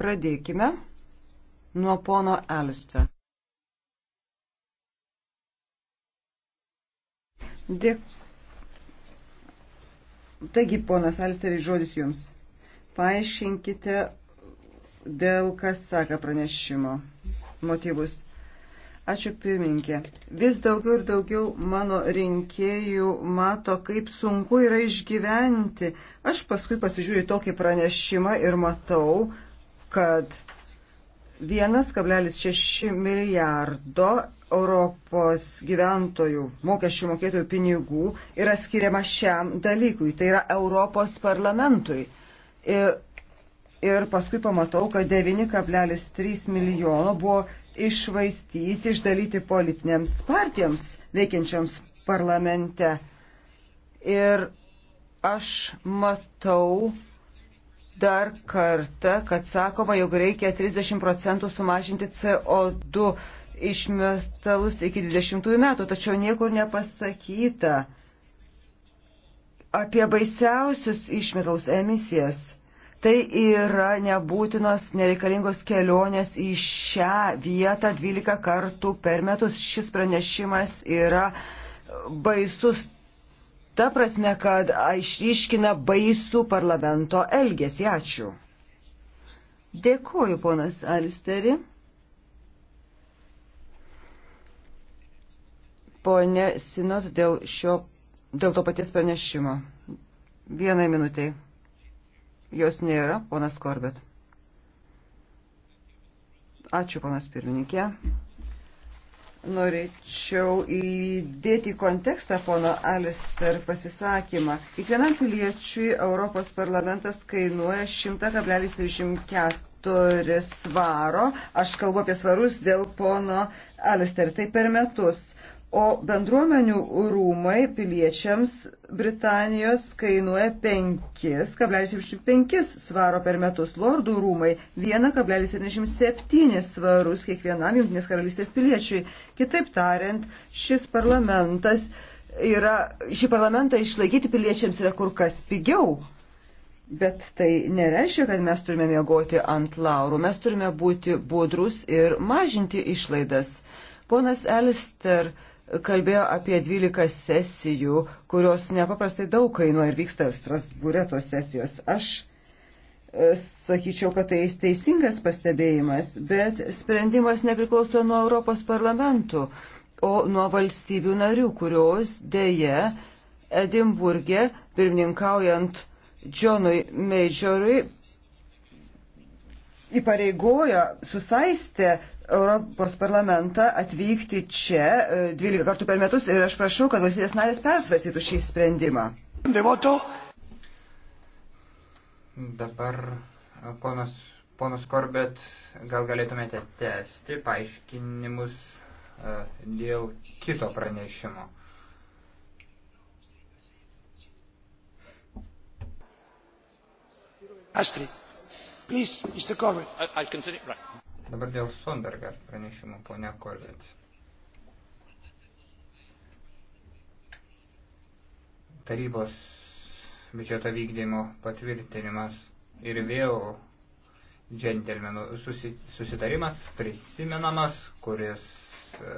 Pradėkime nuo pono Aliste. Dėk. Taigi, ponas Alsteris, žodis jums. Paaiškinkite, dėl kas saka pranešimo motyvus. Ačiū pirmininkė. Vis daugiau ir daugiau mano rinkėjų mato, kaip sunku yra išgyventi. Aš paskui pasižiūriu tokį pranešimą ir matau, kad 1,6 milijardo Europos gyventojų mokesčių mokėtojų pinigų yra skiriama šiam dalykui, tai yra Europos parlamentui. Ir, ir paskui pamatau, kad 9,3 milijono buvo išvaistyti, išdalyti politinėms partijoms veikiančiams parlamente. Ir aš matau, dar kartą, kad sakoma, jog reikia 30 procentų sumažinti CO2 išmetalus iki 20 metų, tačiau niekur nepasakyta apie baisiausius išmetalus emisijas. Tai yra nebūtinos nereikalingos kelionės į šią vietą 12 kartų per metus. Šis pranešimas yra baisus ta prasme, kad išryškina baisų parlamento elgesį. Ačiū. Dėkuoju, ponas Alisteri. Pone Sinot, dėl, šio, dėl to paties pranešimo. Vienai minutiai. Jos nėra, ponas Korbet. Ačiū, ponas pirmininkė norėčiau įdėti į kontekstą pono Alister pasisakymą. Kiekvienam piliečiui Europos parlamentas kainuoja 100,74 svaro. Aš kalbu apie svarus dėl pono Alister. Tai per metus. O bendruomenių rūmai piliečiams Britanijos kainuoja 5,75 svaro per metus, lordų rūmai 1,77 svarus kiekvienam Junktinės karalystės piliečiui. Kitaip tariant, šis parlamentas yra, šį parlamentą išlaikyti piliečiams yra kur kas pigiau. Bet tai nereiškia, kad mes turime miegoti ant laurų, mes turime būti budrus ir mažinti išlaidas. Ponas Elster kalbėjo apie 12 sesijų, kurios nepaprastai daug kainuoja ir vyksta Strasbūre tos sesijos. Aš e, sakyčiau, kad tai teisingas pastebėjimas, bet sprendimas nepriklauso nuo Europos parlamentų, o nuo valstybių narių, kurios dėje Edimburgė, pirmininkaujant Džonui Meidžorui, įpareigojo, susaistė Europos parlamentą atvykti čia 12 e, kartų per metus ir aš prašau, kad valstybės narės persvarstytų šį sprendimą. Dabar e, ponas, ponas Korbet, gal galėtumėte tęsti paaiškinimus e, dėl kito pranešimo. Astrid, please, Mr. Corbett. I, I continue, right. Dabar dėl Sondergaard pranešimo, ponia Korvit. Tarybos biudžeto vykdymo patvirtinimas ir vėl džentelmenų susitarimas prisimenamas, kuris e,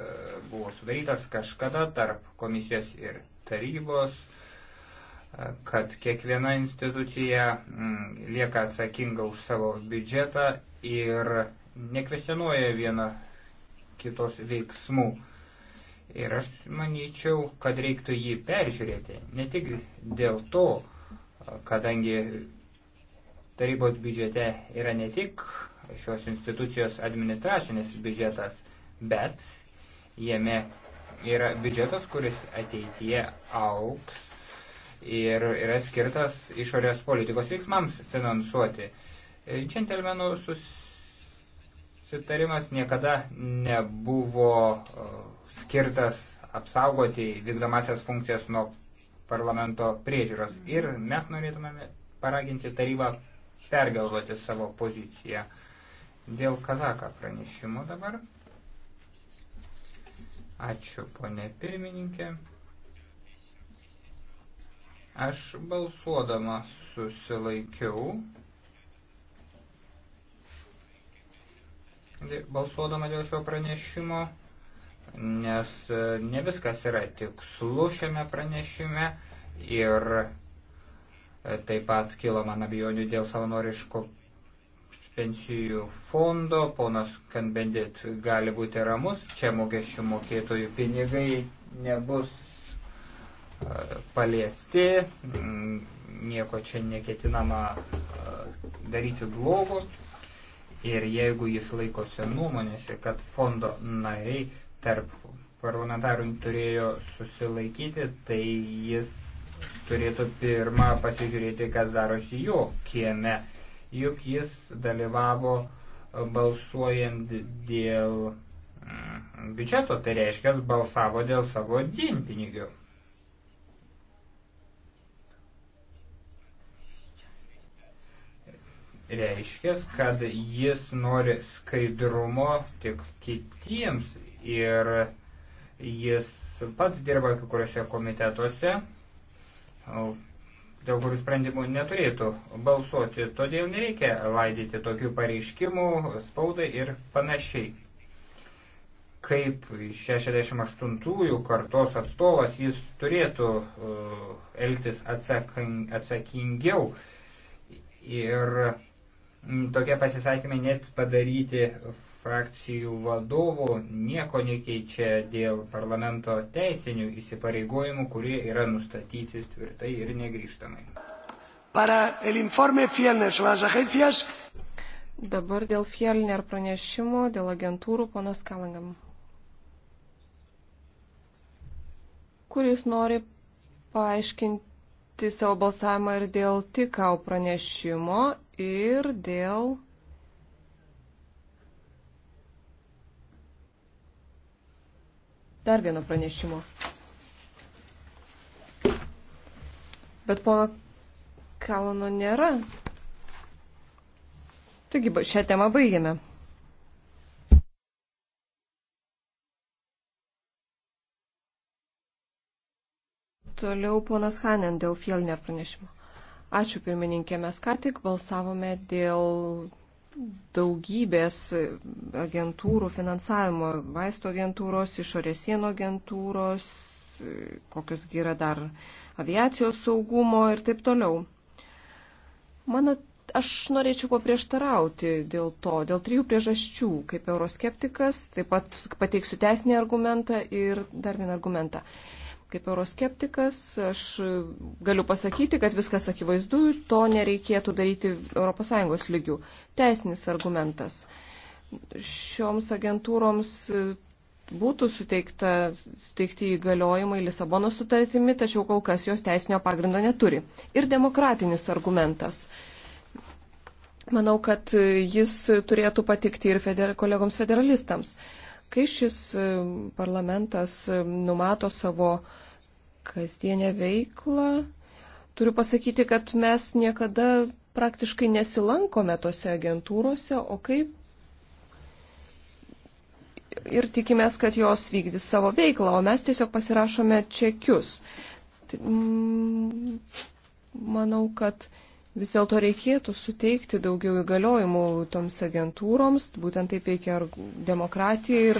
buvo sudarytas kažkada tarp komisijos ir tarybos, e, kad kiekviena institucija mm, lieka atsakinga už savo biudžetą ir nekvesenuoja viena kitos veiksmų. Ir aš manyčiau, kad reiktų jį peržiūrėti. Ne tik dėl to, kadangi tarybos biudžete yra ne tik šios institucijos administracinis biudžetas, bet jame yra biudžetas, kuris ateityje auks ir yra skirtas išorės politikos veiksmams finansuoti. Džentelmenų sus sutarimas niekada nebuvo e, skirtas apsaugoti vykdomasias funkcijas nuo parlamento priežiūros. Ir mes norėtumėme paraginti tarybą pergalvoti savo poziciją. Dėl Kazaka pranešimo dabar. Ačiū, ponė pirmininkė. Aš balsuodama susilaikiau Tai balsuodama dėl šio pranešimo, nes e, ne viskas yra tikslu šiame pranešime ir e, taip pat kilo man abejonių dėl savanoriško pensijų fondo. Ponas Kanbendit gali būti ramus, čia mokesčių mokėtojų pinigai nebus e, paliesti, mm, nieko čia neketinama daryti blogo. Ir jeigu jis laikosi nuomonėse, kad fondo nariai tarp parlamentarų turėjo susilaikyti, tai jis turėtų pirmą pasižiūrėti, kas darosi jo kieme. Juk jis dalyvavo balsuojant dėl mm, biudžeto, tai reiškia, balsavo dėl savo dienpinigių. reiškęs, kad jis nori skaidrumo tik kitiems ir jis pats dirba kai kuriuose komitetuose, dėl kurių sprendimų neturėtų balsuoti. Todėl nereikia laidyti tokių pareiškimų spaudai ir panašiai. Kaip 68-ųjų kartos atstovas jis turėtų uh, elgtis atsaking, atsakingiau ir Mm, tokie pasisakymai net padaryti frakcijų vadovų nieko nekeičia dėl parlamento teisinių įsipareigojimų, kurie yra nustatyti tvirtai ir negryžtamai. Agencias... Dabar dėl Fielner pranešimo, dėl agentūrų, ponas Kalangam. Kuris nori paaiškinti baigti savo balsavimą ir dėl tikau pranešimo ir dėl. Dar vieno pranešimo. Bet pono Kalono nėra. Taigi šią temą baigiame. Toliau ponas Hanen dėl Fielner pranešimo. Ačiū pirmininkė, mes ką tik balsavome dėl daugybės agentūrų finansavimo, vaisto agentūros, išorės sienų agentūros, kokios yra dar aviacijos saugumo ir taip toliau. Mano, aš norėčiau paprieštarauti dėl to, dėl trijų priežasčių, kaip euroskeptikas, taip pat pateiksiu teisinį argumentą ir dar vieną argumentą. Uh, Kaip euroskeptikas aš galiu pasakyti, kad viskas akivaizdu ir to nereikėtų daryti ES lygių. Teisinis argumentas. Šioms agentūroms būtų suteikta, suteikti įgaliojimai Lisabono sutartimi, tačiau kol kas jos teisinio pagrindo neturi. Ir demokratinis argumentas. Manau, kad jis turėtų patikti ir feder, kolegoms federalistams. Uh, Kai šis e, parlamentas e, numato savo kasdienę veiklą, turiu pasakyti, kad mes niekada praktiškai nesilankome tose agentūrose, o kaip ir tikimės, kad jos vykdys savo veiklą, o mes tiesiog pasirašome čekius. Manau, kad vis dėlto reikėtų suteikti daugiau įgaliojimų toms agentūroms, būtent taip veikia demokratija ir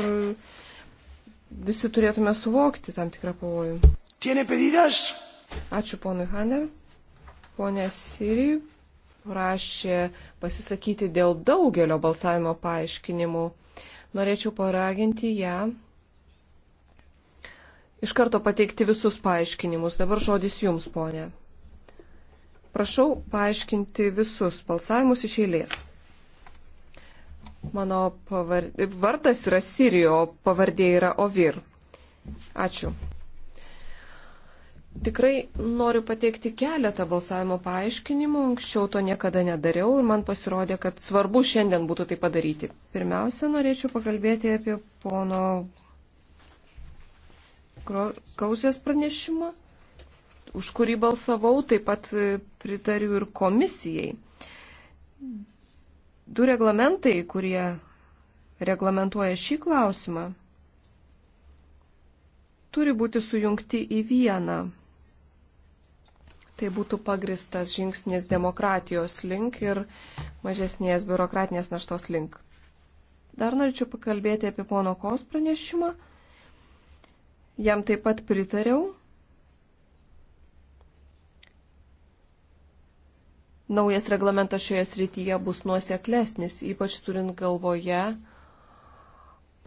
visi turėtume suvokti tam tikrą pavojų. Tiene pedidas? Ačiū ponui Haner. Pone Siri prašė pasisakyti dėl daugelio balsavimo paaiškinimų. Norėčiau paraginti ją iš karto pateikti visus paaiškinimus. Dabar žodis jums, ponė. Prašau paaiškinti visus balsavimus iš eilės. Mano pavar... vardas yra Sirijo, pavardė yra Ovir. Ačiū. Tikrai noriu pateikti keletą balsavimo paaiškinimų, anksčiau to niekada nedariau ir man pasirodė, kad svarbu šiandien būtų tai padaryti. Pirmiausia, norėčiau pakalbėti apie pono Kausės pranešimą už kurį balsavau, taip pat e, pritariu ir komisijai. Du reglamentai, kurie reglamentuoja šį klausimą, turi būti sujungti į vieną. Tai būtų pagristas žingsnis demokratijos link ir mažesnės biurokratinės naštos link. Dar norėčiau pakalbėti apie pono Kos pranešimą. Jam taip pat pritariau naujas reglamentas šioje srityje bus nuoseklesnis, ypač turint galvoje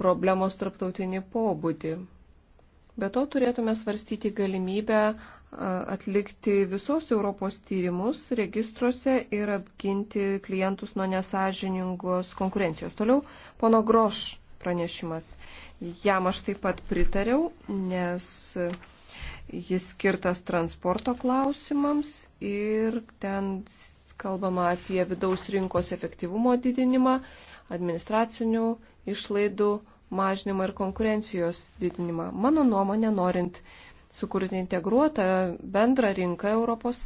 problemos tarptautinį pobūdį. Be to turėtume svarstyti galimybę atlikti visos Europos tyrimus registruose ir apginti klientus nuo nesažiningos konkurencijos. Toliau, pono Groš pranešimas. Jam aš taip pat pritariau, nes Jis skirtas transporto klausimams ir ten kalbama apie vidaus rinkos efektyvumo didinimą, administracinių išlaidų mažinimą ir konkurencijos didinimą. Mano nuomonė, norint sukurti integruotą bendrą rinką ES,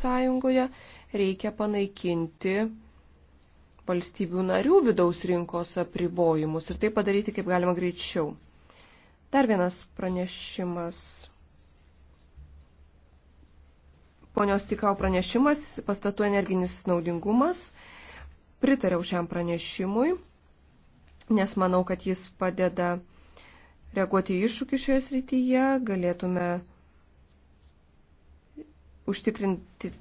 reikia panaikinti valstybių narių vidaus rinkos apribojimus ir tai padaryti kaip galima greičiau. Dar vienas pranešimas ponios Tikau pranešimas, pastatų energinis naudingumas. Pritariau šiam pranešimui, nes manau, kad jis padeda reaguoti į iššūkį šioje srityje, galėtume užtikrinti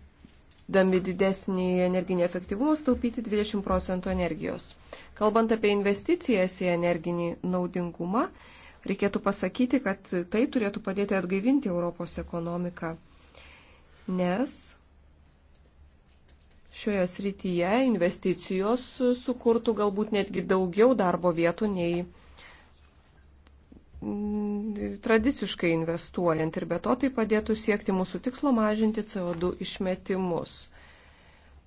dami didesnį energinį efektyvumą staupyti 20 procentų energijos. Kalbant apie investicijas į energinį naudingumą, reikėtų pasakyti, kad tai turėtų padėti atgaivinti Europos ekonomiką nes šioje srityje investicijos sukurtų galbūt netgi daugiau darbo vietų nei tradiciškai investuojant ir be to tai padėtų siekti mūsų tikslo mažinti CO2 išmetimus.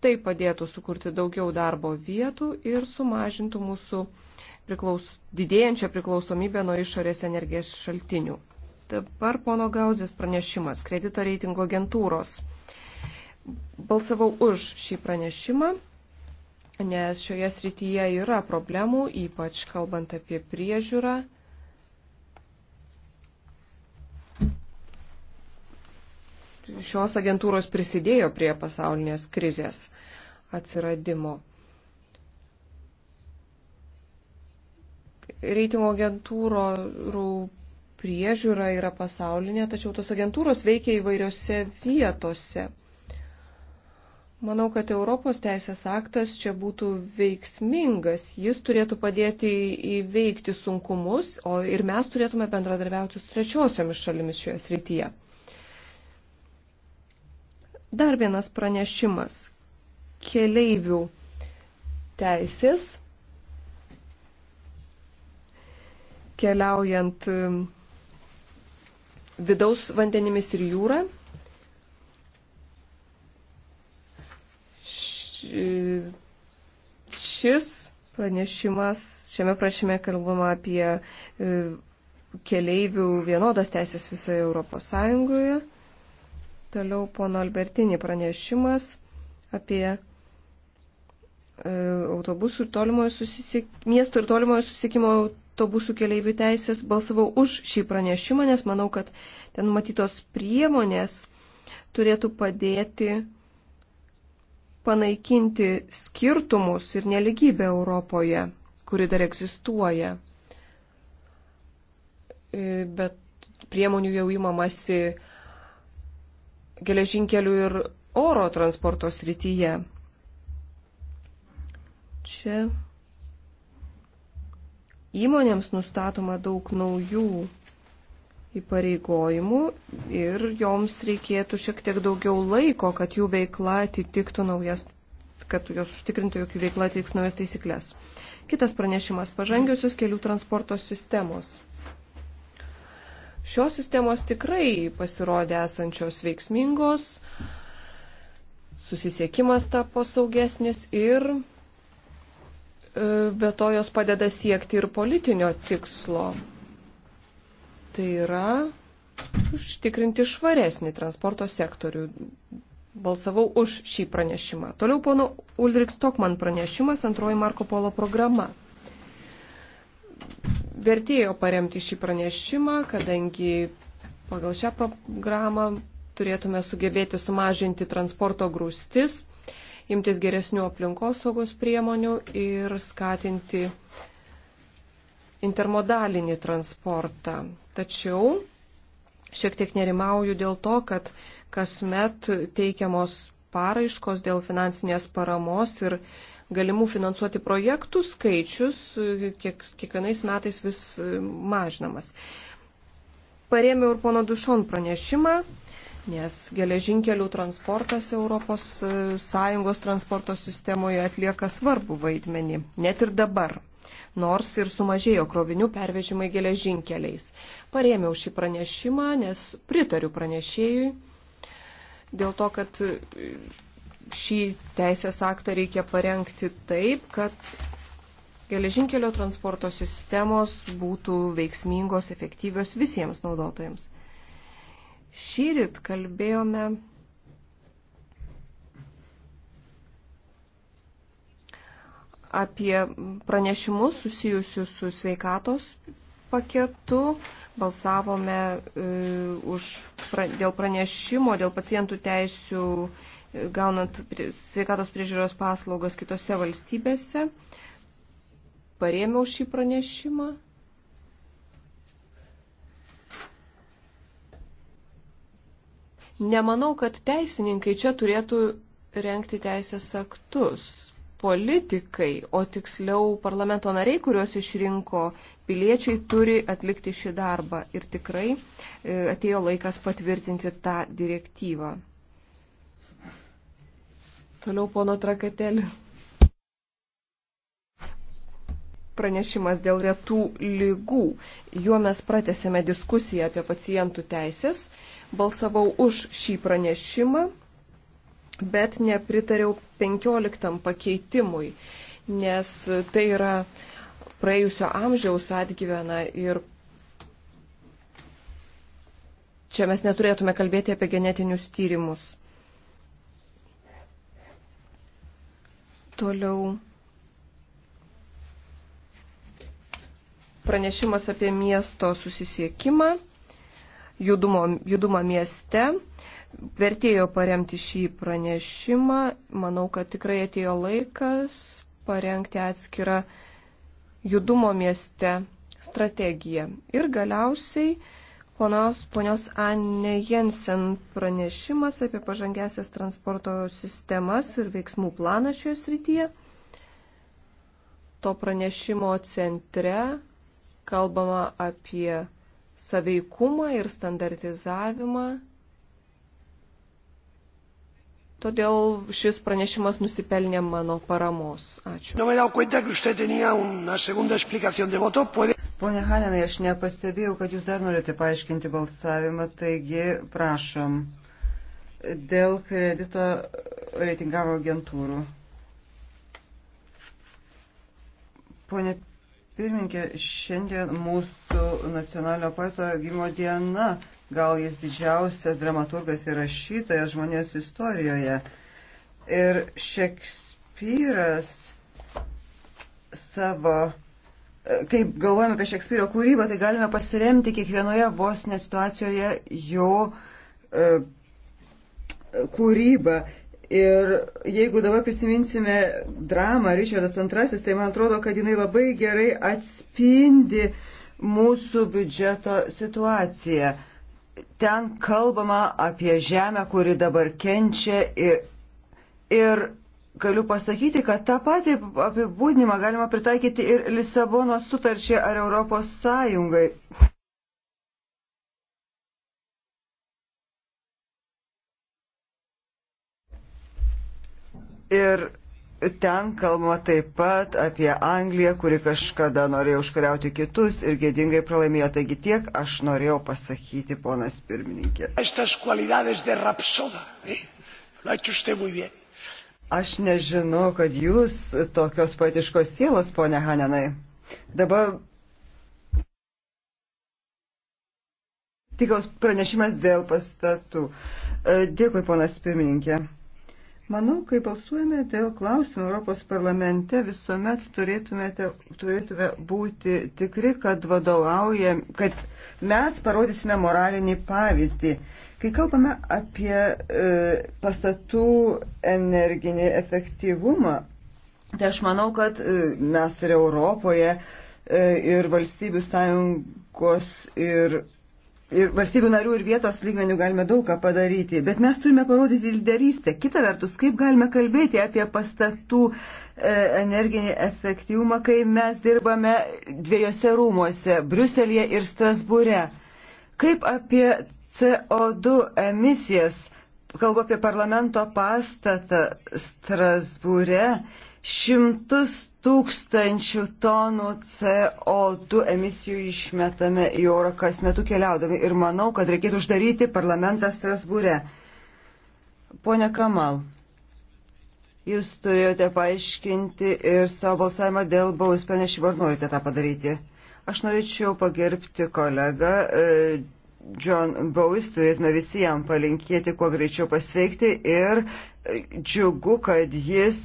Tai padėtų sukurti daugiau darbo vietų ir sumažintų mūsų priklaus, didėjančią priklausomybę nuo išorės energijos šaltinių. Dabar pono Gauzės pranešimas, kredito reitingo agentūros. Balsavau už šį pranešimą, nes šioje srityje yra problemų, ypač kalbant apie priežiūrą. Šios agentūros prisidėjo prie pasaulinės krizės atsiradimo. reitingo agentūrų priežiūra yra pasaulinė, tačiau tos agentūros veikia įvairiose vietose. Manau, kad Europos teisės aktas čia būtų veiksmingas. Jis turėtų padėti įveikti sunkumus, o ir mes turėtume bendradarbiauti su trečiosiomis šalimis šioje srityje. Dar vienas pranešimas. Keleivių teisės keliaujant vidaus vandenimis ir jūra. Šis pranešimas, šiame prašyme kalbama apie e, keleivių vienodas teisės visoje Europos Sąjungoje. Toliau pono Albertinį pranešimas apie e, autobusų ir tolimojo susisiekimo, miesto ir tolimojo susisiekimo autobusų keleivių teisės, balsavau už šį pranešimą, nes manau, kad ten matytos priemonės turėtų padėti panaikinti skirtumus ir neligybę Europoje, kuri dar egzistuoja. E, bet priemonių jau įmamasi geležinkelių ir oro transporto srityje. Čia Įmonėms nustatoma daug naujų įpareigojimų ir joms reikėtų šiek tiek daugiau laiko, kad jų veikla atitiktų naujas, kad jos užtikrintų, jog jų veikla atitiks naujas taisyklės. Kitas pranešimas - pažangiosios kelių transporto sistemos. Šios sistemos tikrai pasirodė esančios veiksmingos, susisiekimas tapo saugesnis ir E, be to jos padeda siekti ir politinio tikslo. Tai yra užtikrinti švaresnį transporto sektorių. Balsavau už šį pranešimą. Toliau pono Ulrik Stokman pranešimas, antroji Marko Polo programa. Vertėjo paremti šį pranešimą, kadangi pagal šią programą turėtume sugebėti sumažinti transporto grūstis imtis geresnių aplinkos saugos priemonių ir skatinti intermodalinį transportą. Tačiau šiek tiek nerimauju dėl to, kad kasmet teikiamos paraiškos dėl finansinės paramos ir galimų finansuoti projektų skaičius kiek, kiekvienais metais vis mažinamas. Parėmiau ir pono Dušon pranešimą, nes geležinkelių transportas ES e, transporto sistemoje atlieka svarbu vaidmenį, net ir dabar, nors ir sumažėjo krovinių pervežimai geležinkeliais. Parėmiau šį pranešimą, nes pritariu pranešėjui, dėl to, kad e, šį teisės aktą reikia parengti taip, kad geležinkelio transporto sistemos būtų veiksmingos, efektyvios visiems naudotojams. Šyrit kalbėjome apie pranešimus susijusius su sveikatos paketu. Balsavome e, už, dėl pranešimo, dėl pacientų teisių e, gaunant sveikatos priežiūros paslaugos kitose valstybėse. Parėmiau šį pranešimą. Nemanau, kad teisininkai čia turėtų renkti teisės aktus. Politikai, o tiksliau parlamento nariai, kuriuos išrinko piliečiai, turi atlikti šį darbą. Ir tikrai e, atėjo laikas patvirtinti tą direktyvą. Toliau pono trakatelis. Pranešimas dėl retų lygų. Juo mes pratesėme diskusiją apie pacientų teisės balsavau už šį pranešimą, bet nepritariau 15 pakeitimui, nes tai yra praėjusio amžiaus atgyvena ir čia mes neturėtume kalbėti apie genetinius tyrimus. Toliau pranešimas apie miesto susisiekimą judumo, judumą mieste. Vertėjo paremti šį pranešimą. Manau, kad tikrai atėjo laikas parengti atskirą judumo mieste strategiją. Ir galiausiai ponios, ponios Anne Jensen pranešimas apie pažangesias transporto sistemas ir veiksmų planą šioje srityje. To pranešimo centre kalbama apie saveikumą ir standartizavimą. Todėl šis pranešimas nusipelnė mano paramos. Ačiū. Pone Haninai, aš nepastebėjau, kad jūs dar norite paaiškinti balsavimą, taigi prašom dėl kredito reitingavo agentūrų. Pone Pirminkė, šiandien mūsų nacionalinio poeto gimimo diena, gal jis didžiausias dramaturgas ir rašytojas žmonijos istorijoje. Ir Šekspyras savo, kaip galvojame apie Šekspyro kūrybą, tai galime pasiremti kiekvienoje vos nesituacijoje jo e, kūrybą. Ir jeigu dabar prisiminsime dramą Richardas II, tai man atrodo, kad jinai labai gerai atspindi mūsų biudžeto situaciją. Ten kalbama apie žemę, kuri dabar kenčia ir, ir galiu pasakyti, kad tą patį apibūdinimą galima pritaikyti ir Lisabono sutarčiai ar Europos Sąjungai. Ir ten kalbama taip pat apie Angliją, kuri kažkada norėjo užkariauti kitus ir gėdingai pralaimėjo. Taigi tiek aš norėjau pasakyti, ponas pirmininkė. ¿eh? Aš nežinau, kad jūs tokios poetiškos sielos, ponė Hanenai. Dabar tikiaus pranešimas dėl pastatų. E, dėkui, ponas pirmininkė. Manau, kai balsuojame dėl klausimų Europos parlamente, visuomet turėtume būti tikri, kad vadovauja, kad mes parodysime moralinį pavyzdį. Kai kalbame apie e, pastatų energinį efektyvumą, tai aš manau, kad e, mes ir Europoje, e, ir valstybių sąjungos, ir ir valstybių narių ir vietos lygmenių galime daug ką padaryti, bet mes turime parodyti lyderystę. Kita vertus, kaip galime kalbėti apie pastatų e, energinį efektyvumą, kai mes dirbame dviejose rūmuose - Briuselėje ir Strasbūre. Kaip apie CO2 emisijas, kalbu apie parlamento pastatą Strasbūre, šimtus tūkstančių tonų CO2 emisijų išmetame į orą kas metu keliaudami ir manau, kad reikėtų uždaryti parlamentą Strasbūre. Pone Kamal, jūs turėjote paaiškinti ir savo balsavimą dėl baus pranešimo, ar norite tą padaryti? Aš norėčiau pagerbti kolegą. E, John Bowis, turėtume visi jam palinkėti kuo greičiau pasveikti ir džiugu, kad jis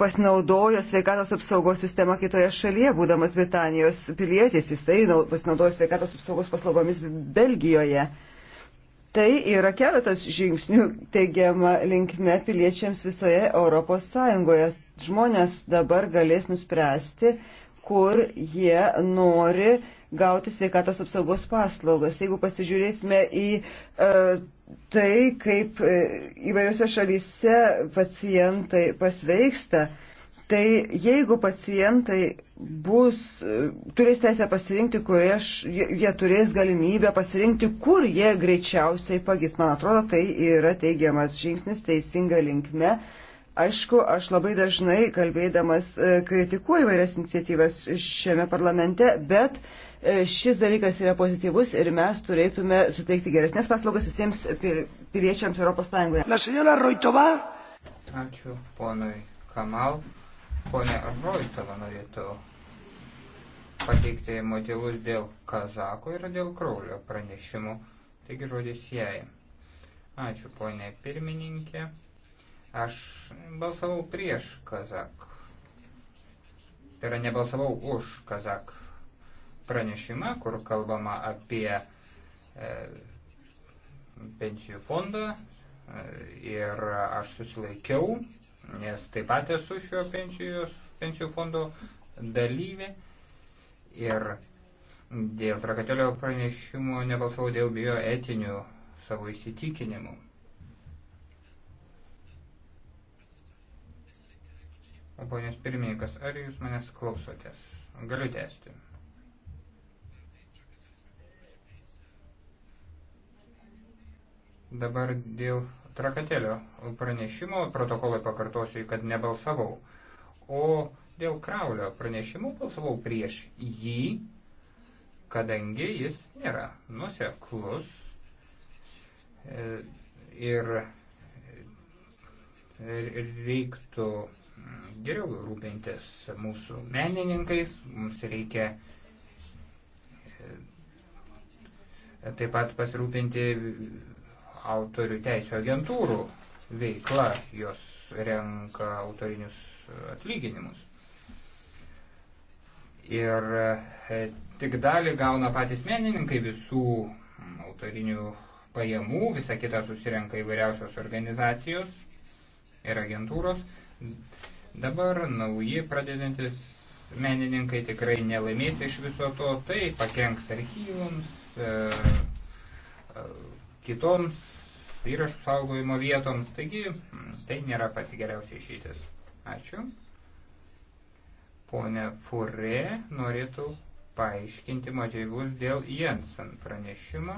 pasinaudojo sveikatos apsaugos sistema kitoje šalyje, būdamas Britanijos pilietis, jisai pasinaudojo sveikatos apsaugos paslaugomis Belgijoje. Tai yra keletas žingsnių teigiama linkme piliečiams visoje Europos Sąjungoje. Žmonės dabar galės nuspręsti, kur jie nori uh, gauti sveikatos apsaugos paslaugas. Jeigu pasižiūrėsime į e, tai, kaip e, įvairiose šalyse pacientai pasveiksta, tai jeigu pacientai bus, e, turės teisę pasirinkti, kur aš, jie turės galimybę pasirinkti, kur jie greičiausiai pagis. Man atrodo, tai yra teigiamas žingsnis teisinga linkme. Aišku, aš labai dažnai kalbėdamas kritikuoju vairias iniciatyvas šiame parlamente, bet uh, E, šis dalykas yra pozityvus ir mes turėtume suteikti geresnės paslaugas visiems piliečiams Europos Sąjungoje. La senjora Roitova. Ačiū ponui Kamal. Pone Roitova norėtų pateikti motyvus dėl Kazako ir dėl Kraulio pranešimų. Taigi žodis jai. Ačiū ponė pirmininkė. Aš balsavau prieš Kazak. Tai yra nebalsavau už Kazak pranešimą, kur kalbama apie e, pensijų fondą e, ir aš susilaikiau, nes taip pat esu šio pensijos, pensijų fondo dalyvė ir dėl trakatelio pranešimų nebalsavau dėl bio etinių savo įsitikinimų. O ponės pirmininkas, ar jūs manęs klausotės? Galiu tęsti. Dabar dėl trakatelio pranešimo protokolai pakartosiu, kad nebalsavau. O dėl kraulio pranešimų balsavau prieš jį, kadangi jis nėra nuseklus e, ir reiktų geriau rūpintis mūsų menininkais, mums reikia e, taip pat pasirūpinti autorių teisų agentūrų veikla, jos renka autorinius atlyginimus. Ir e, tik dalį gauna patys menininkai visų autorinių pajamų, visą kitą susirenka įvairiausios organizacijos ir agentūros. Dabar nauji pradedantis menininkai tikrai nelaimės iš viso to, tai pakenks archyvums, e, e, kitoms įrašų saugojimo vietoms. Taigi tai nėra pati geriausia išeitis. Ačiū. Pone Fure norėtų paaiškinti motyvus dėl Jensen pranešimo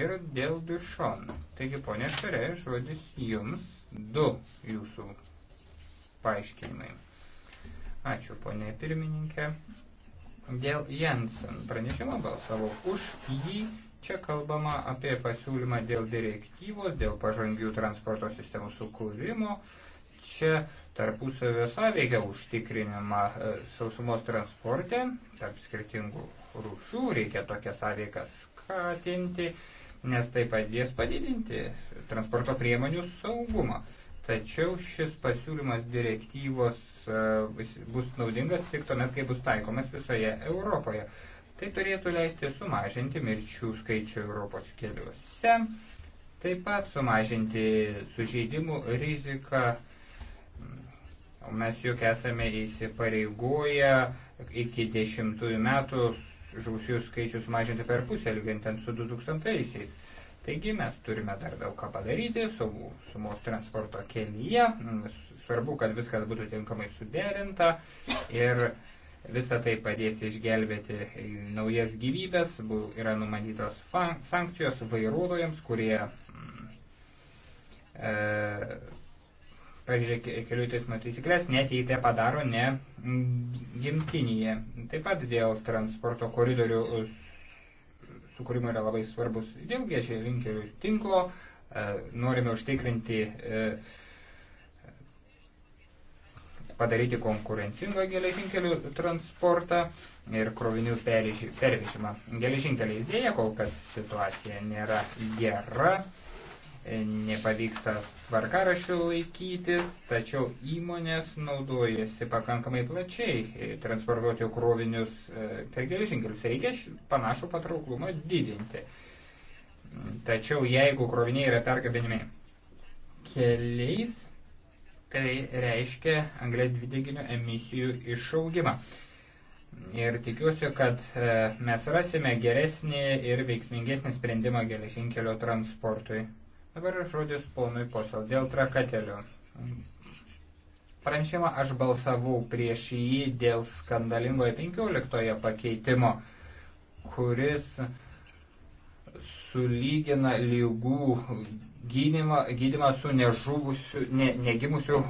ir dėl Bišon. Taigi, ponė Fure, žodis jums du jūsų paaiškinimai. Ačiū, ponė pirmininkė. Dėl Jensen pranešimo balsavau už jį Čia kalbama apie pasiūlymą dėl direktyvos, dėl pažangių transporto sistemų sukūrimo. Čia tarpusavio sąveikia užtikrinimą e, sausumos transporte tarp skirtingų rūšių. Reikia tokią sąveiką skatinti, nes tai padės padidinti transporto priemonių saugumą. Tačiau šis pasiūlymas direktyvos e, bus naudingas tik tuomet, kai bus taikomas visoje Europoje. Tai turėtų leisti sumažinti mirčių skaičių Europos keliuose, taip pat sumažinti sužeidimų riziką. O mes juk esame įsipareigoję iki dešimtųjų metų žuvusių skaičius mažinti per pusę, lygintant su 2000-aisiais. Taigi mes turime dar daug ką padaryti saugų sumos transporto kelyje. Svarbu, kad viskas būtų tinkamai suderinta ir Visą tai padės išgelbėti naujas gyvybės, yra numatytos sankcijos vairuotojams, kurie mm, e, pažiūrėk, kelių teismo taisyklės, net jei tai padaro ne mm, gimtinėje. Taip pat dėl transporto koridorių sukūrimo yra labai svarbus dėl gėžiai linkelių tinklo. E, norime užtikrinti e, padaryti konkurencingą geležinkelių transportą ir krovinių pervežimą. Geležinkeliais dėja kol kas situacija nėra gera, nepavyksta tvarkarašių laikytis, tačiau įmonės naudojasi pakankamai plačiai transportuoti krovinius e, per geležinkelius. Reikia panašų patrauklumą didinti. Tačiau jeigu kroviniai yra pergabinami keliais, Tai reiškia anglės dvideginio emisijų išaugimą. Ir tikiuosi, kad e, mes rasime geresnį ir veiksmingesnį sprendimą geležinkelio transportui. Dabar žodis ponui posal dėl trakatelio. Pranešimą aš balsavau prieš jį dėl skandalingoje 15 pakeitimo, kuris sulygina lygų gydymą, gydymą su nežuvusiu, ne, negimusiu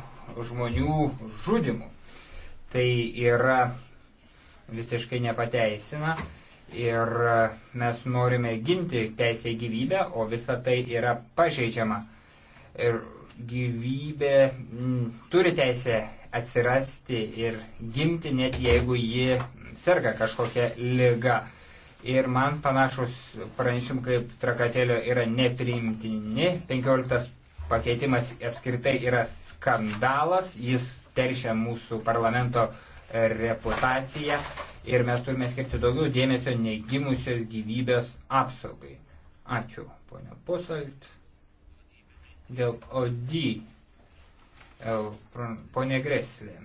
žmonių žudimu. Tai yra visiškai nepateisina ir mes norime ginti teisę į gyvybę, o visa tai yra pažeidžiama. Ir gyvybė m, mm, turi teisę atsirasti ir gimti, net jeigu ji serga kažkokia lyga. Ir man panašus pranešim kaip trakatėlio yra nepriimtini. 15 pakeitimas apskritai yra skandalas, jis teršia mūsų parlamento reputaciją ir mes turime skirti daugiau dėmesio negimusios gyvybės apsaugai. Ačiū, ponia Pusalt. Dėl e, OD, ponia Greslė.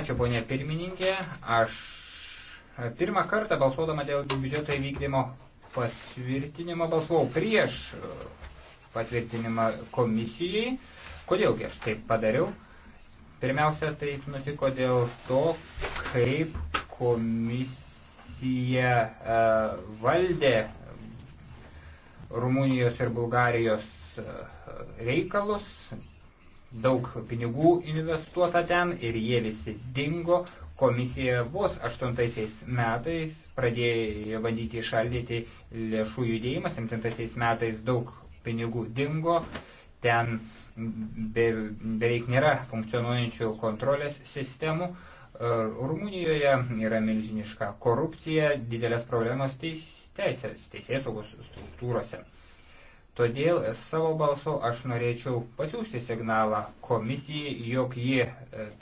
Ačiū, ponia pirmininkė. Aš Pirmą kartą balsuodama dėl biudžeto įvykdymo patvirtinimo balsavau prieš e, patvirtinimą komisijai. Kodėlgi aš taip padariau? Pirmiausia, taip nutiko dėl to, kaip komisija e, valdė Rumunijos ir Bulgarijos e, reikalus, daug pinigų investuota ten ir jie visi dingo, Komisija vos 8 metais pradėjo bandyti išaldyti lėšų judėjimą, 7 metais daug pinigų dingo, ten be, beveik nėra funkcionuojančių kontrolės sistemų. E, Rumunijoje yra milžiniška korupcija, didelės problemos teis, teisės, teisės saugos struktūrose. Todėl e, savo balsu aš norėčiau pasiūsti signalą komisijai, jog ji e,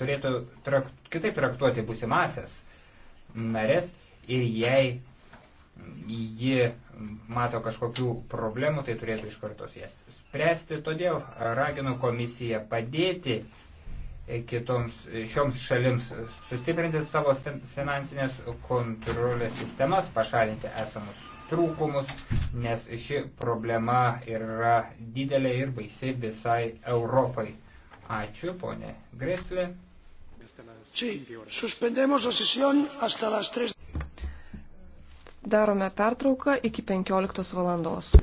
turėtų trakt, kitaip traktuoti būsimasias narės ir jei ji mato kažkokių problemų, tai turėtų iš kartos jas spręsti. Todėl raginu komisiją padėti e, kitoms šioms šalims sustiprinti savo finansinės kontrolės sistemas, pašalinti esamus trūkumus, nes ši problema yra didelė ir baisi visai Europai. Ačiū, ponė Greslė. Darome pertrauką iki 15 valandos.